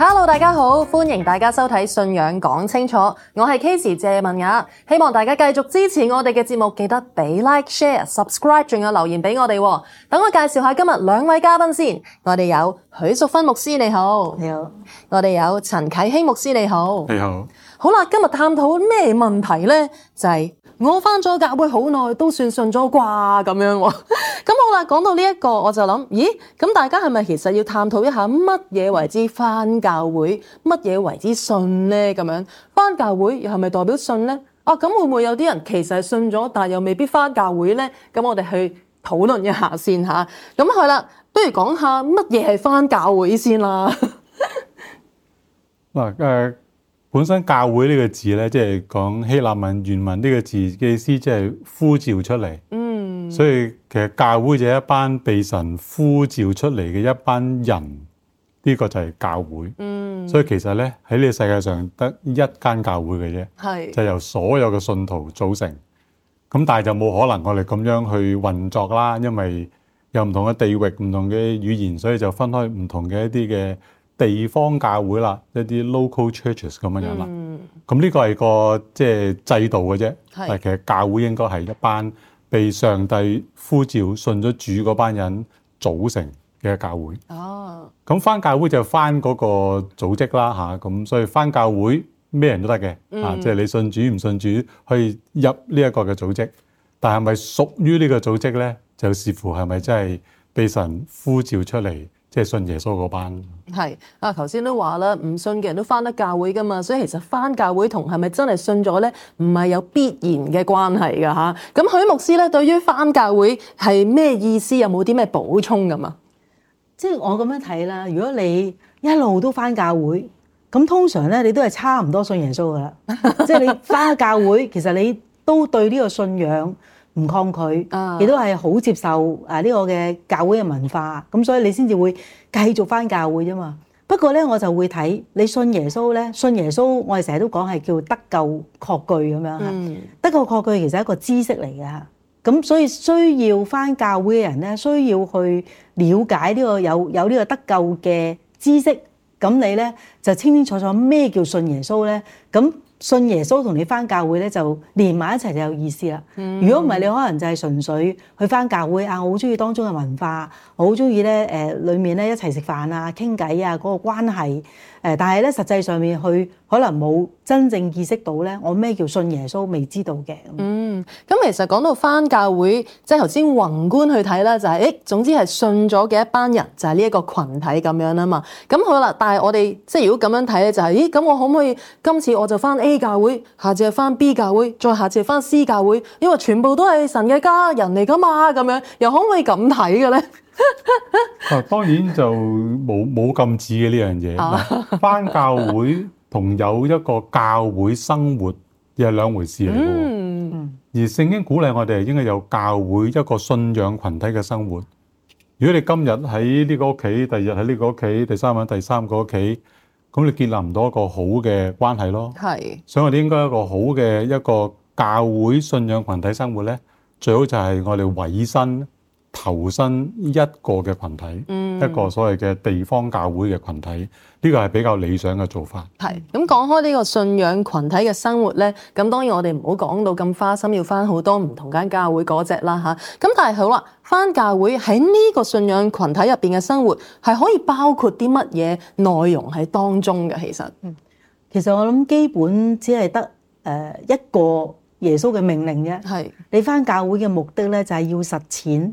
哈嘍，Hello, 大家好，歡迎大家收睇《信仰講清楚》，我係 Kiss 謝文雅，希望大家繼續支持我哋嘅節目，記得畀 Like、Share、Subscribe，仲有留言畀我哋。等我介紹下今日兩位嘉賓先，我哋有許淑芬牧師，你好，你好；我哋有陳啟希牧師，你好，你好。好啦，今日探討咩問題呢？就係、是。我返咗教會好耐，都算信咗啩咁樣喎。咁 好啦，講到呢、這、一個，我就諗，咦？咁大家係咪其實要探討一下乜嘢為之返教會，乜嘢為之信呢？咁樣返教會又係咪代表信呢？啊，咁會唔會有啲人其實係信咗，但又未必返教會咧？咁我哋去討論一下先吓，咁係啦，不如講下乜嘢係返教會先啦 、呃。本身教會呢個字咧，即係講希臘文原文呢個字嘅意思，即係呼召出嚟。嗯。所以其實教會就係一班被神呼召出嚟嘅一班人，呢個就係教會。嗯。所以其實咧喺呢個世界上得一間教會嘅啫，係就由所有嘅信徒組成。咁但係就冇可能我哋咁樣去運作啦，因為有唔同嘅地域、唔同嘅語言，所以就分開唔同嘅一啲嘅。地方教會啦，一啲 local churches 咁樣樣啦。咁呢、嗯、個係個即係制度嘅啫。係但其實教會應該係一班被上帝呼召、信咗主嗰班人組成嘅教會。哦。咁返教會就返嗰個組織啦，吓，咁所以返教會咩人都得嘅，啊、嗯，即係你信主唔信主可以入呢一個嘅組織，但係咪屬於呢個組織咧？就視乎係咪真係被神呼召出嚟。即係信耶穌嗰班。係啊，頭先都話啦，唔信嘅人都返得教會㗎嘛，所以其實返教會同係咪真係信咗咧，唔係有必然嘅關係㗎吓。咁、啊、許牧師咧，對於返教會係咩意思，有冇啲咩補充㗎嘛？即係我咁樣睇啦，如果你一路都返教會，咁通常咧你都係差唔多信耶穌㗎喇。 即係你返教會，其實你都對呢個信仰。唔抗拒，亦都係好接受啊呢個嘅教會嘅文化，咁所以你先至會繼續翻教會啫嘛。不過咧，我就會睇你信耶穌咧，信耶穌，我哋成日都講係叫得救確據咁樣吓。得救確據其實係一個知識嚟㗎吓，咁所以需要翻教會嘅人咧，需要去了解呢個有有呢個得救嘅知識，咁你咧就清清楚楚咩叫信耶穌咧，咁。信耶穌同你返教會咧，就連埋一齊就有意思啦。嗯，如果唔係，你可能就係純粹去返教會啊，我好中意當中嘅文化，我好中意咧誒，裏面咧一齊食飯啊、傾偈啊，嗰個關係。誒，但係咧，實際上面佢可能冇真正意識到咧，我咩叫信耶穌，未知道嘅。嗯，咁其實講到返教會，即係頭先宏觀去睇啦，就係、是，誒，總之係信咗嘅一班人，就係呢一個群體咁樣啊嘛。咁好啦，但係我哋即係如果咁樣睇咧，就係、是，咦，咁我可唔可以今次我就返 A 教會，下次返 B 教會，再下次返 C 教會，因為全部都係神嘅家人嚟噶嘛，咁樣又可唔可以咁睇嘅咧？嗱，當然就冇冇禁止嘅呢樣嘢。返教會同有一個教會生活又係兩回事嚟嘅。而聖經鼓勵我哋應該有教會一個信仰群體嘅生活。如果你今日喺呢個屋企，第二日喺呢個屋企，第三晚喺第三個屋企，咁你建立唔到一個好嘅關係咯。係，所以我哋應該一個好嘅一個教會信仰群體生活咧，最好就係我哋委身。投身一個嘅羣體，嗯、一個所謂嘅地方教會嘅群體，呢、這個係比較理想嘅做法。係咁講開呢個信仰群體嘅生活呢，咁當然我哋唔好講到咁花心，要翻好多唔同間教會嗰隻啦嚇。咁但係好啦，翻教會喺呢個信仰群體入邊嘅生活係可以包括啲乜嘢內容喺當中嘅？其實、嗯，其實我諗基本只係得誒一個耶穌嘅命令啫。係是你翻教會嘅目的呢，就係要實踐。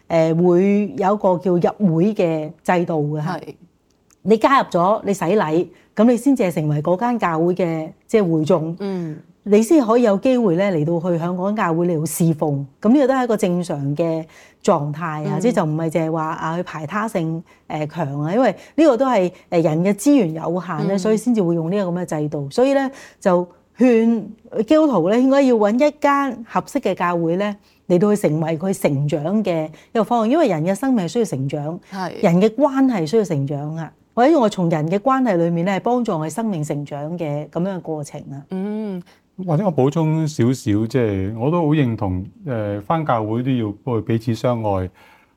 誒會有一個叫入會嘅制度嘅嚇，是你加入咗，你洗禮咁，你先至係成為嗰間教會嘅即係會眾，嗯，你先可以有機會咧嚟到去香港教會嚟到侍奉，咁呢個都係一個正常嘅狀態啊，即係、嗯、就唔係淨係話啊去排他性誒強啊，因為呢個都係誒人嘅資源有限咧，嗯、所以先至會用呢個咁嘅制度，所以咧就。勸基督徒咧應該要揾一間合適嘅教會咧，嚟到去成為佢成長嘅一個方向，因為人嘅生命需要成長，人嘅關係需要成長啊，或者我從人嘅關係裡面咧，幫助佢生命成長嘅咁樣嘅過程啊。嗯，或者我補充少少，即係我都好認同誒，返教會都要彼此相愛，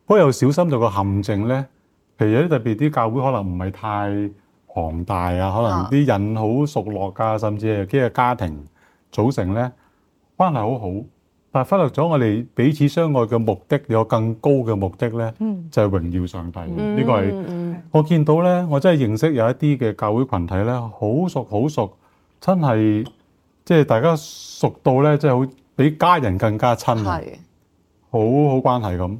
不過又小心到個陷阱咧，譬如有啲特別啲教會可能唔係太，龐大啊，可能啲人好熟絡噶，甚至係有啲嘅家庭組成咧，關係好好。但係忽略咗我哋彼此相愛嘅目的，有更高嘅目的咧，就係、是、榮耀上帝。呢個係我見到咧，我真係認識有一啲嘅教會群體咧，好熟好熟，熟，真係即係大家熟到咧，即係好比家人更加親，係好好關係咁。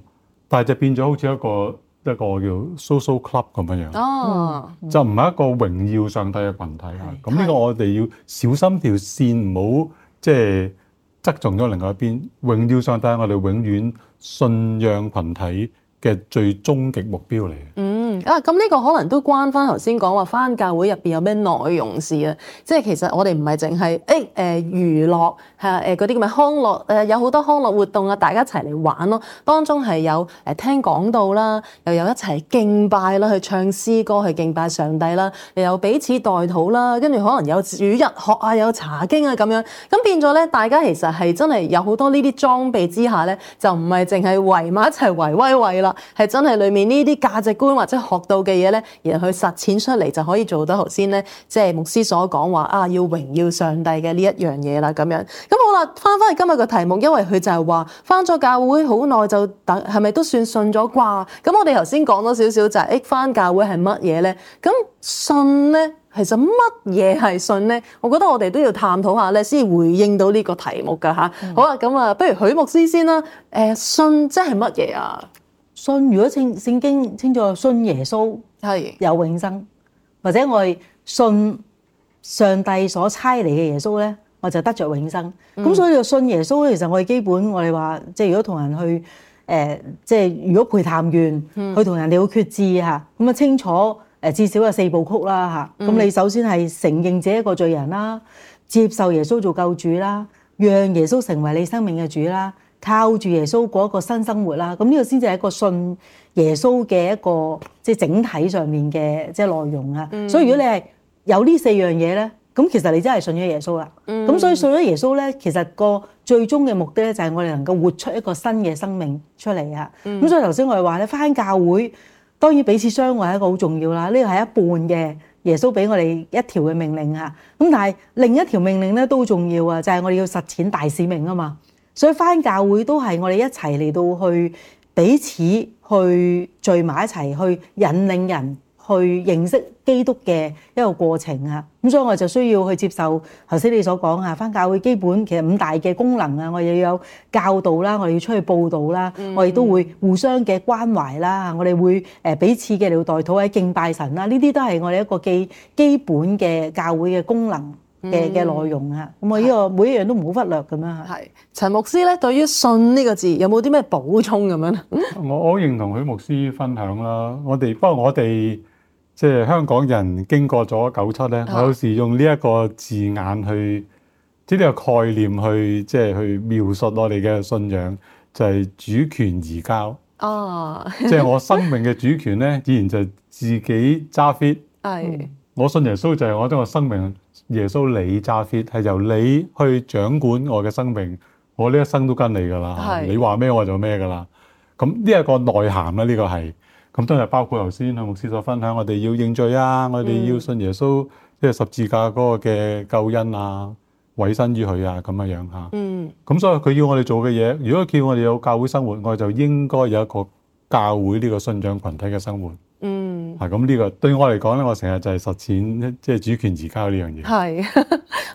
但係就變咗好似一個。一個叫 social club 咁樣，哦、就唔係一個榮耀上帝嘅群體啊！咁呢個我哋要小心條線，唔好即係側重咗另外一邊。榮耀上帝，我哋永遠信仰群體嘅最終極目標嚟嘅。嗯啊，咁呢個可能都關返頭先講話返教會入面有咩內容事啊？即係其實我哋唔係淨係誒誒娛樂嗰啲咁嘅康樂有好多康樂活動啊，大家一齊嚟玩咯。當中係有誒聽講道啦，又有一齊敬拜啦，去唱詩歌去敬拜上帝啦，又有彼此代禱啦，跟住可能有主日學啊，有查經啊咁樣。咁變咗咧，大家其實係真係有好多呢啲裝備之下咧，就唔係淨係圍埋一齊圍威喂啦。係真係，裏面呢啲價值觀或者學到嘅嘢咧，然後去實踐出嚟就可以做到呢。頭先咧，即係牧師所講話啊，要榮耀上帝嘅呢一樣嘢啦。咁樣咁好啦，翻翻去今日個題目，因為佢就係話翻咗教會好耐就等，係咪都算信咗啩？咁我哋頭先講咗少少，就係誒翻教會係乜嘢咧？咁信咧，其實乜嘢係信咧？我覺得我哋都要探討下咧，先回應到呢個題目噶吓。嗯、好啦，咁啊，不如許牧師先啦。誒，信即係乜嘢啊？信，如果清聖經清楚，信耶穌係有永生，或者我係信上帝所差嚟嘅耶穌咧，我就得著永生。咁所以就信耶穌，其實我哋基本我哋話，即係如果同人去誒，即係如果陪談員去同人哋去決志嚇，咁啊清楚誒，至少有四部曲啦嚇。咁你首先係承認自己一個罪人啦，接受耶穌做救主啦，讓耶穌成為你生命嘅主啦。靠住耶穌過一個新生活啦，咁呢個先至係一個信耶穌嘅一個即係整體上面嘅即係內容啊。所以如果你係有呢四樣嘢咧，咁其實你真係信咗耶穌啦。咁所以信咗耶穌咧，其實個最終嘅目的咧就係我哋能夠活出一個新嘅生命出嚟啊。咁所以頭先我哋話咧，返教會當然彼此相愛係一個好重要啦，呢個係一半嘅耶穌俾我哋一條嘅命令啊。咁但係另一條命令咧都重要啊，就係我哋要實踐大使命啊嘛。所以返教會都係我哋一齊嚟到去彼此去聚埋一齊去引領人去認識基督嘅一個過程啊！咁所以我就需要去接受頭先你所講啊，返教會基本其實五大嘅功能啊，我哋要有教導啦，我哋要出去佈道啦，我哋都會互相嘅關懷啦，我哋會彼此嘅嚟代禱喺敬拜神啦，呢啲都係我哋一個基基本嘅教會嘅功能。嘅嘅內容啊，咁啊呢個每一樣都唔好忽略咁樣。係陳是牧師咧，對於信呢個字有冇啲咩補充咁樣？我我認同許牧師分享啦。我哋不過我哋即係香港人經過咗九七咧，我有時用呢一個字眼去即呢啲概念去即係、就是、去描述我哋嘅信仰，就係、是、主權移交哦。即係、啊、我生命嘅主權咧，自 然就係自己揸 fit。係是我信耶穌就係我將個生命。耶穌你揸 fit，係由你去掌管我嘅生命，我呢一生都跟你噶啦，是你話咩我就咩噶啦。咁呢一個內涵啦，呢個係咁都係包括頭先向牧師所分享，我哋要認罪啊，嗯、我哋要信耶穌，即係十字架嗰個嘅救恩啊，委身於佢啊，咁樣樣吓。嗯。咁所以佢要我哋做嘅嘢，如果叫我哋有教會生活，我就應該有一個教會呢個信仰群體嘅生活。嗯。咁呢、嗯、個對我嚟講咧，我成日就係實踐即係主權移交呢樣嘢。係，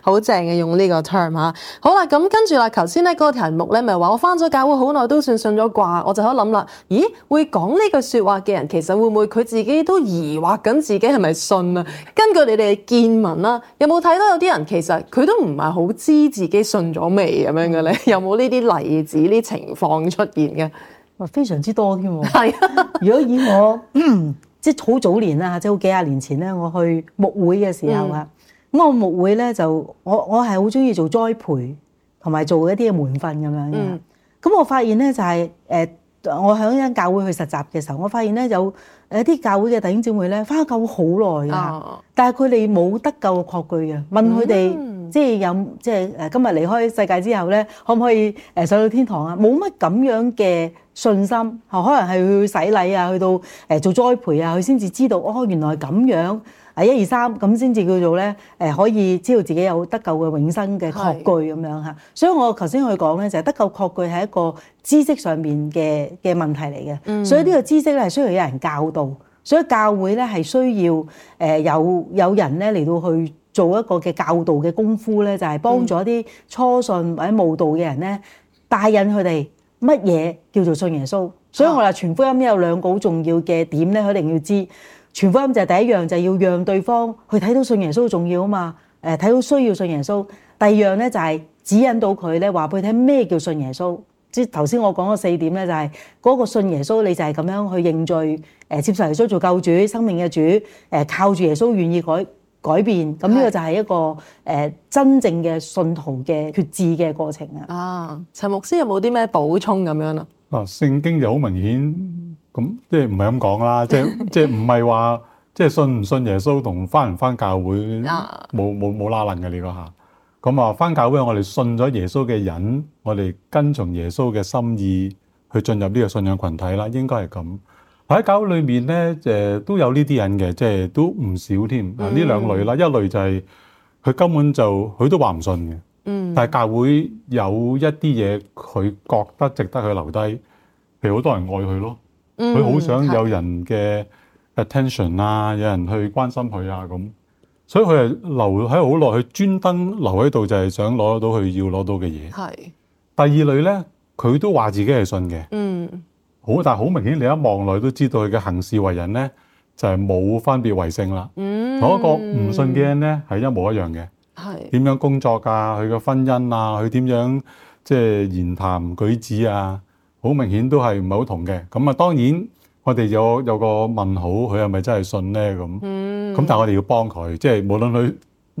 好正嘅，用呢個 term 吓。好啦，咁跟住啦，頭先咧個題目咧，咪、就、話、是、我返咗教會好耐都算信咗掛，我就喺度諗啦，咦？會講呢句說話嘅人，其實會唔會佢自己都疑惑緊自己係咪信啊？根據你哋見聞啦，有冇睇到有啲人其實佢都唔係好知自己信咗未咁樣嘅咧？有冇呢啲例子呢情況出現嘅？非常之多添喎。係，如果以我。嗯即係好早年啦，即係好幾廿年前咧，我去牧會嘅時候啊，咁、嗯、我牧會咧就我我係好中意做栽培同埋做一啲嘅門訓咁樣嘅。咁、嗯、我發現咧就係、是、誒、呃，我響一間教會去實習嘅時候，我發現咧有。有啲教會嘅弟兄姊妹咧，返教會好耐啊，但係佢哋冇得救嘅確據嘅。問佢哋，即係有即係誒今日離開世界之後咧，可唔可以誒上到天堂啊？冇乜咁樣嘅信心嚇，可能係去洗禮啊，去到誒做栽培啊，佢先至知道哦，原來咁樣啊，一二三咁先至叫做咧誒可以知道自己有得救嘅永生嘅確據咁樣嚇。所以我頭先去講咧，就係得救確據係一個知識上面嘅嘅問題嚟嘅。所以呢個知識咧係需要有人教導。所以教會咧係需要誒有有人咧嚟到去做一個嘅教導嘅功夫咧，就係幫助一啲初信或者慕道嘅人咧，帶引佢哋乜嘢叫做信耶穌。所以我話傳福音有兩個好重要嘅點咧，佢一定要知。傳福音就係第一樣，就係要讓對方去睇到信耶穌重要啊嘛。誒，睇到需要信耶穌。第二樣咧就係指引到佢咧，話俾佢聽咩叫信耶穌。即頭先我講咗四點咧，就係、是、嗰個信耶穌，你就係咁樣去認罪，誒接受耶穌做救主、生命嘅主，誒靠住耶穌願意改改變，咁呢是個就係一個誒真正嘅信徒嘅決志嘅過程啊！陳牧師有冇啲咩補充咁樣啊？啊，聖經就好明顯咁，即唔係咁講啦，即即唔係話即信唔信耶穌同返唔返教會冇冇冇拉褦嘅你個下。咁啊，返教會我哋信咗耶穌嘅人，我哋跟從耶穌嘅心意去進入呢個信仰群體啦，應該係咁。喺教會裏面咧，誒都有呢啲人嘅，即係都唔少添。呢兩類啦，嗯、一類就係佢根本就佢都話唔信嘅。嗯。但係教會有一啲嘢佢覺得值得佢留低，譬如好多人愛佢咯，佢好想有人嘅 attention 啊、嗯，有人去關心佢啊咁。所以佢係留喺好耐，佢專登留喺度就係想攞到佢要攞到嘅嘢。係。第二類咧，佢都話自己係信嘅。嗯。好，但係好明顯，你一望落都知道佢嘅行事為人咧就係冇分別為聖啦。嗯。同一個唔信嘅人咧係一模一樣嘅。係。點樣工作㗎？佢嘅婚姻啊，佢點樣即係言談舉止啊？好明顯都係唔係好同嘅。咁啊，當然。我哋有有個問號，佢係咪真係信呢？咁，咁、嗯、但係我哋要幫佢，即係無論佢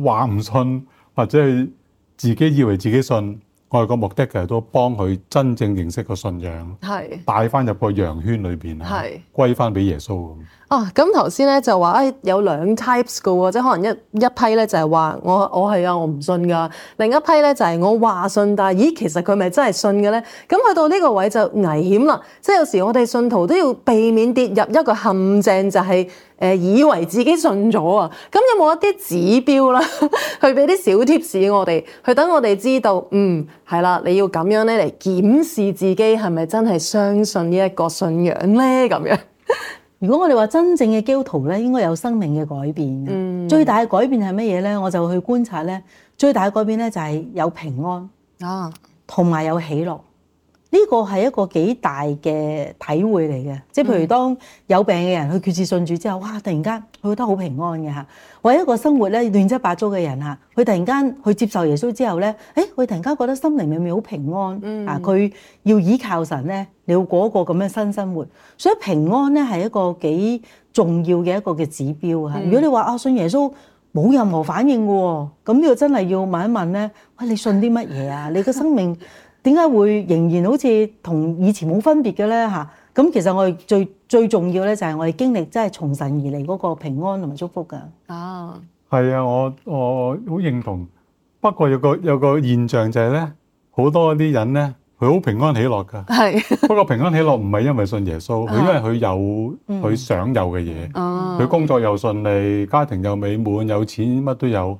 話唔信，或者係自己以為自己信。我哋個目的其實都幫佢真正認識個信仰，帶翻入個羊圈裏邊是啊，歸翻俾耶穌咁。啊，咁頭先咧就話，誒有兩 types 嘅喎，即係可能一一批咧就係話我我係啊，我唔信㗎；另一批咧就係、是、我話信，但係咦，其實佢咪真係信嘅咧？咁去到呢個位就危險啦，即係有時我哋信徒都要避免跌入一個陷阱，就係、是、誒、呃、以為自己信咗啊。咁有冇一啲指標啦， 去俾啲小 tips，我哋，去等我哋知道嗯？係啦，你要咁樣咧嚟檢視自己係咪真係相信呢一個信仰咧？咁樣，如果我哋話真正嘅基督徒咧，應該有生命嘅改變。嗯，最大嘅改變係乜嘢咧？我就去觀察咧，最大嘅改變咧就係有平安啊，同埋有喜樂。呢個係一個幾大嘅體會嚟嘅，即係譬如當有病嘅人去決志信主之後，嗯、哇！突然間佢覺得好平安嘅嚇。為一個生活咧亂七八糟嘅人嚇，佢突然間去接受耶穌之後咧，誒、哎，佢突然間覺得心靈裏面好平安。嗯、啊，佢要倚靠神咧，你要過一個咁嘅新生活。所以平安咧係一個幾重要嘅一個嘅指標、啊嗯、如果你話啊信耶穌冇任何反應嘅喎，咁呢個真係要問一問咧。喂、哎，你信啲乜嘢啊？你嘅生命。 點解會仍然好似同以前冇分別嘅咧？嚇！咁其實我哋最最重要咧，就係我哋經歷真係從神而嚟嗰個平安同埋祝福噶。哦，係啊，我我好認同。不過有個有個現象就係咧，好多啲人咧，佢好平安喜樂噶。是不過平安喜樂唔係因為信耶穌，佢是因為佢有佢想有嘅嘢。哦、嗯。佢工作又順利，家庭又美滿，有錢乜都有，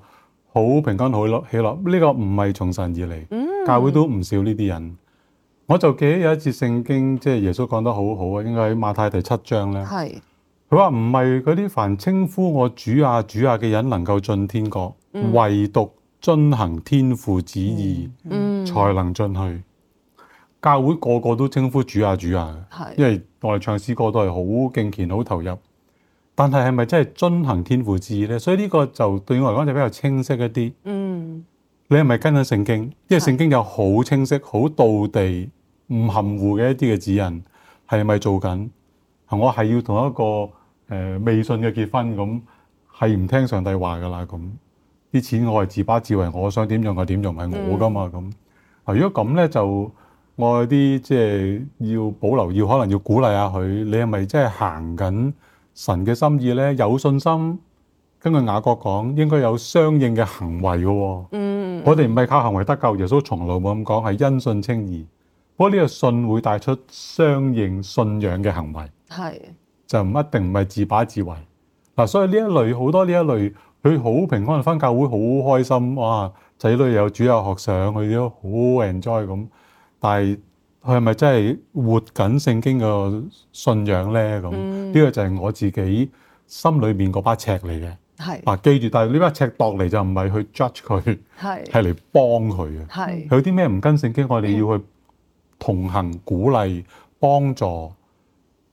好平安喜樂。喜樂呢個唔係從神而嚟。嗯教會都唔少呢啲人，嗯、我就記得有一次聖經，即、就、係、是、耶穌講得好好啊，應該喺馬太第七章咧。係佢話唔係嗰啲凡稱呼我主啊主啊嘅人能夠進天國，嗯、唯獨遵行天父旨意、嗯嗯、才能進去。教會個個,個都稱呼主啊主啊，是因為我哋唱詩歌都係好敬虔、好投入，但係係咪真係遵行天父旨意咧？所以呢個就對我嚟講就比較清晰一啲。嗯。你係咪跟緊聖經？因為聖經有好清晰、好道地、唔含糊嘅一啲嘅指引，係咪做緊？我係要同一個誒、呃、未信嘅結婚咁，係唔聽上帝話噶啦咁。啲錢我係自把自為，我想點用就點用，係我噶嘛咁。啊，如果咁呢，就我有啲即係要保留，要可能要鼓勵下佢。你係咪即係行緊神嘅心意呢？有信心。根據雅各講，應該有相應嘅行為嘅、哦。嗯，我哋唔係靠行為得救，耶穌從來冇咁講，係因信稱義。不過呢個信會帶出相應信仰嘅行為，係的就唔一定唔係自把自為嗱、啊。所以呢一類好多呢一類，佢好平安返教會，好開心哇！仔女有主有學上，佢都好 enjoy 咁。但係佢係咪真係活緊聖經嘅信仰咧？咁呢、嗯、個就係我自己心裏面嗰把尺嚟嘅。係是、啊，記住，但係呢一尺度嚟就唔係去 judge 佢，係嚟是幫佢嘅。係是，佢啲咩唔跟聖經是，我哋要去同行、鼓勵、幫助，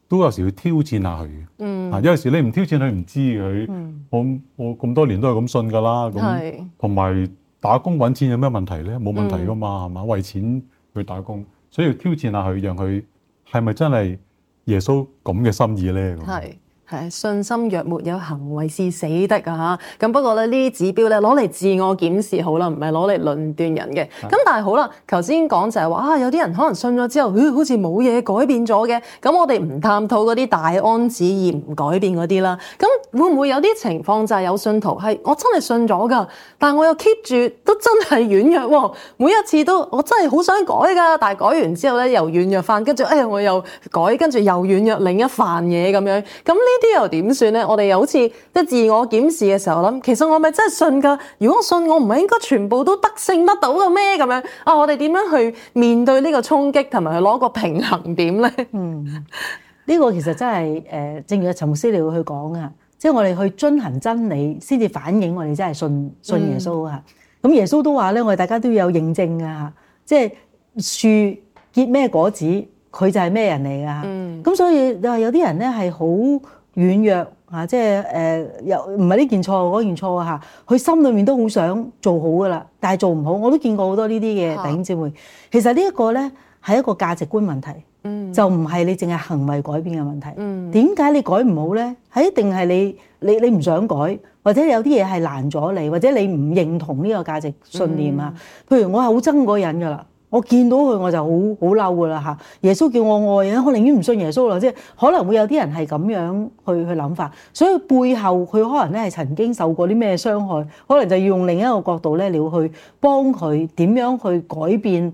都有時要挑戰下佢。嗯，啊有時你唔挑戰佢唔知佢、嗯。我我咁多年都係咁信㗎啦。係是，同埋打工揾錢有咩問題咧？冇問題㗎嘛，係嘛、嗯，為錢去打工，所以要挑戰下佢，讓佢係咪真係耶穌咁嘅心意咧？係。係信心若沒有行為是死的啊！咁不過咧，呢啲指標咧攞嚟自我檢視好啦，唔係攞嚟論斷人嘅。咁、啊、但係好啦，頭先講就係話，有啲人可能信咗之後，咦好似冇嘢改變咗嘅。咁我哋唔探討嗰啲大安旨意，唔改變嗰啲啦。咁會唔會有啲情況就係有信徒係我真係信咗㗎，但我又 keep 住都真係軟弱喎。每一次都我真係好想改㗎，但改完之後咧又軟弱翻，跟住哎呀我又改，跟住又軟弱另一範嘢咁樣。咁呢啲又點算咧？我哋又好似即自我檢視嘅時候，諗其實我咪真係信㗎？如果我信，我唔係應該全部都得勝得到嘅咩？咁樣啊，我哋點樣去面對呢個衝擊同埋去攞個平衡點咧？嗯，呢、這個其實真係誒、呃，正如阿陳牧師你會去講啊。即係我哋去遵行真理，先至反映我哋真係信信耶穌啊！咁、嗯、耶穌都話咧，我哋大家都要有認證噶嚇。即係樹結咩果子，佢就係咩人嚟噶。嗯。咁所以有啲人咧係好軟弱，即係誒，又唔係呢件錯嗰件錯嚇。佢心裏面都好想做好噶啦，但係做唔好。我都見過好多呢啲嘅弟兄姊妹。啊、其實呢一個咧係一個價值觀問題。就唔係你淨係行為改變嘅問題。點解、嗯、你改唔好咧？一定係你你你唔想改，或者有啲嘢係難咗你，或者你唔認同呢個價值信念啊？嗯、譬如我係好憎嗰人噶啦，我見到佢我就好好嬲噶啦嚇。耶穌叫我愛人，我寧願唔信耶穌啦。即係可能會有啲人係咁樣去去諗法，所以背後佢可能咧係曾經受過啲咩傷害，可能就要用另一個角度咧，你要去幫佢點樣去改變。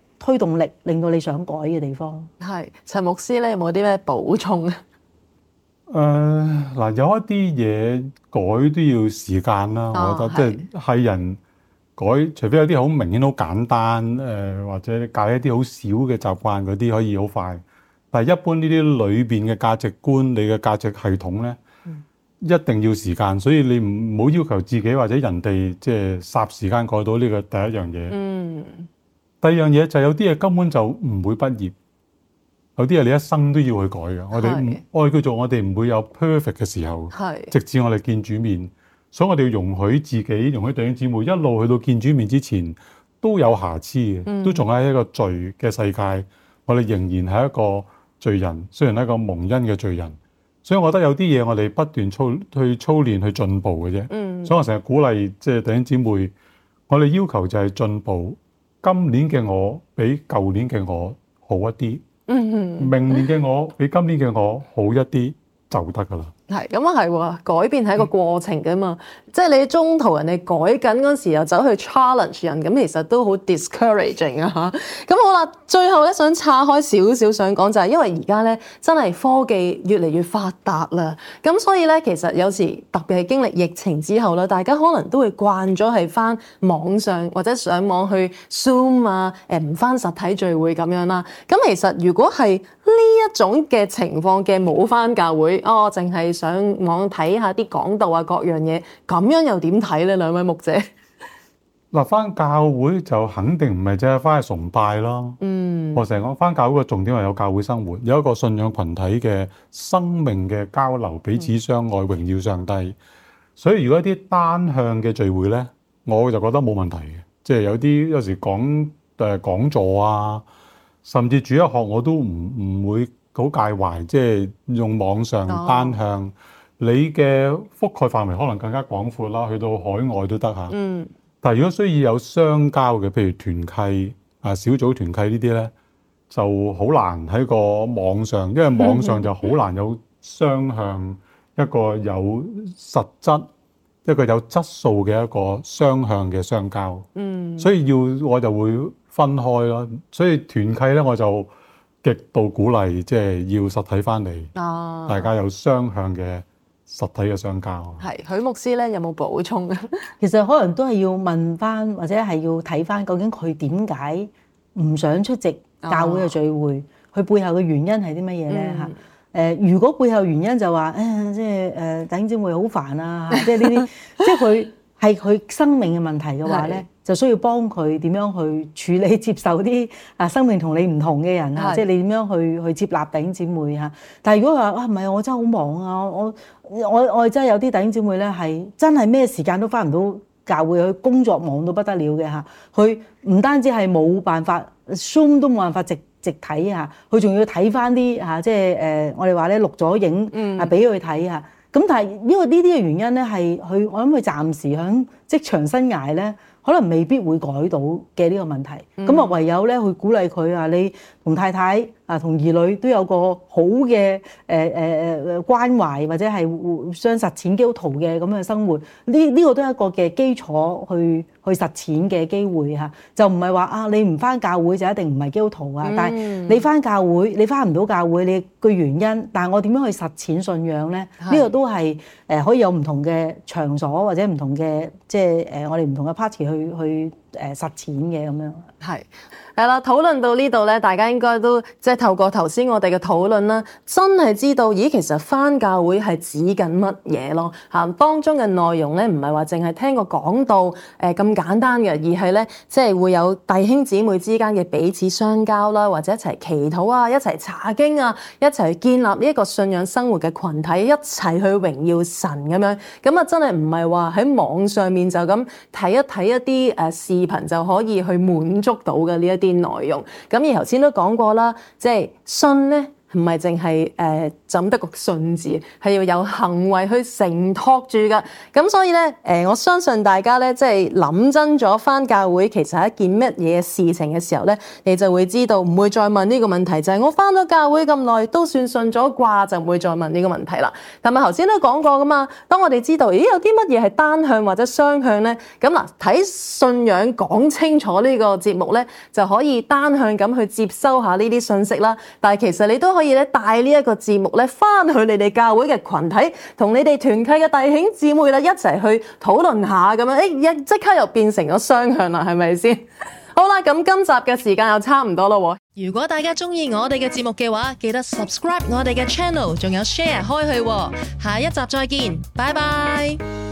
推動力令到你想改嘅地方，係陳牧師咧有冇啲咩補充啊？誒嗱、嗯呃，有一啲嘢改都要時間啦，哦、我覺得即係是人改，除非有啲好明顯、好簡單誒、呃，或者你戒一啲好少嘅習慣嗰啲可以好快，但係一般呢啲裏邊嘅價值觀、你嘅價值系統咧，嗯、一定要時間，所以你唔好要，要求自己或者人哋即係霎時間改到呢個第一樣嘢。嗯。第二樣嘢就係、是、有啲嘢根本就唔會畢業，有啲嘢你一生都要去改嘅是的。我哋唔，我哋叫做我哋唔會有 perfect 嘅時候，是的 直至我哋見主面。所以我哋要容許自己，容許弟兄姊妹一路去到見主面之前都有瑕疵嘅，都仲係一個罪嘅世界。嗯、我哋仍然係一個罪人，雖然係一個蒙恩嘅罪人。所以我覺得有啲嘢我哋不斷操去操練去進步嘅啫。嗯，所以我成日鼓勵即係弟兄姊妹，我哋要求就係進步。今年嘅我比舊年嘅我好一啲，明年嘅我比今年嘅我好一啲就得㗎喇。係咁啊，係喎，改變係一個過程㗎嘛，嗯、即係你中途人哋改緊嗰時候又走去 challenge 人，咁其實都、啊啊、好 discouraging 啊嚇。咁好啦，最後咧想岔開少少想講就係，因為而家咧真係科技越嚟越發達啦，咁所以咧其實有時特別係經歷疫情之後啦，大家可能都會慣咗係返網上或者上網去 Zoom 啊，唔返實體聚會咁樣啦。咁其實如果係呢一種嘅情況嘅冇返教會，哦，淨係上網睇下啲講道啊，各樣嘢咁樣又點睇咧？兩位牧者。嗱，翻教會就肯定唔係淨係翻去崇拜咯。嗯，我成日講翻教會嘅重點係有教會生活，有一個信仰羣體嘅生命嘅交流，彼此相愛，榮耀上帝。所以如果一啲單向嘅聚會咧，我就覺得冇問題嘅。即係有啲有時講誒講座啊，甚至主一學我都唔唔會。好介懷，即係用網上單向，oh. 你嘅覆蓋範圍可能更加廣闊啦，去到海外都得嚇。嗯。Mm. 但係如果需要有相交嘅，譬如團契啊、小組團契呢啲咧，就好難喺個網上，因為網上就好難有雙向一個有實質、 一個有質素嘅一個雙向嘅相交。嗯。Mm. 所以要我就會分開咯，所以團契咧我就。極度鼓勵即係要實體翻嚟，啊、大家有雙向嘅實體嘅相交。係許牧師咧，有冇補充啊？ 其實可能都係要問翻，或者係要睇翻，究竟佢點解唔想出席教會嘅聚會？佢、啊、背後嘅原因係啲乜嘢咧？嗯、如果背後原因就話、是、誒，即係誒等陣會好煩啊！就是、 即係呢啲，即係佢係佢生命嘅問題嘅話咧。就需要幫佢點樣去處理接受啲啊生命同你唔同嘅人啊，即係你點樣去去接納弟兄姊妹啊？但係如果話啊，唔係我真係好忙啊，我我我真係有啲弟兄姊妹咧係真係咩時間都返唔到教會去工作，忙到不得了嘅嚇。佢唔單止係冇辦法 Zoom 都冇辦法直直睇嚇，佢仲要睇返啲嚇，即係誒、呃、我哋話咧錄咗影啊俾佢睇嚇。咁、嗯、但係因為呢啲嘅原因咧，係佢我諗佢暫時響職場生涯咧。可能未必會改到嘅呢個問題，咁啊唯有呢去鼓勵佢啊你，同太太啊，同兒女都有個好嘅誒誒關懷，或者係互相實踐基督徒嘅咁嘅生活。呢呢、這個都係一個嘅基礎去去實踐嘅機會，就唔係話啊，你唔返教會就一定唔係基督徒啊。嗯、但係你返教會，你返唔到教會，你個原因。但係我點樣去實踐信仰咧？呢是個都係、呃、可以有唔同嘅場所，或者唔同嘅即係、呃、我哋唔同嘅 party 去去。誒實踐嘅咁樣，係係啦。討論到呢度咧，大家應該都即係透過頭先我哋嘅討論啦，真係知道，咦，其實返教會係指緊乜嘢咯？嚇，當中嘅內容咧，唔係話淨係聽個講道誒咁簡單嘅，而係咧即係會有弟兄姊妹之間嘅彼此相交啦，或者一齊祈禱啊，一齊查經啊，一齊建立呢一個信仰生活嘅群體，一齊去榮耀神咁樣。咁啊，真係唔係話喺網上面就咁睇一睇一啲誒事。視頻就可以去滿足到嘅呢一啲內容，咁而頭先都講過啦，即係信咧。唔係淨係誒枕得個信字，係要有行為去承托住噶。咁所以咧誒，我相信大家咧，即係諗真咗翻教會其實係一件乜嘢事情嘅時候咧，你就會知道，唔會再問呢個問題就係，是，我翻咗教會咁耐，都算信咗掛，就唔會再問呢個問題啦。但係頭先都講過噶嘛，當我哋知道，咦有啲乜嘢係單向或者雙向咧？咁嗱，睇信仰講清楚呢個節目咧，就可以單向咁去接收下呢啲信息啦。但係其實你都。可以咧帶呢一個節目咧翻去你哋教會嘅群體，同你哋團契嘅弟兄姊妹啦一齊去討論下咁樣，誒一即刻又變成咗雙向啦，係咪先？好啦，咁今集嘅時間又差唔多咯喎。如果大家中意我哋嘅節目嘅話，記得 subscribe 我哋嘅 channel，仲有 share 開去。下一集再見，拜拜。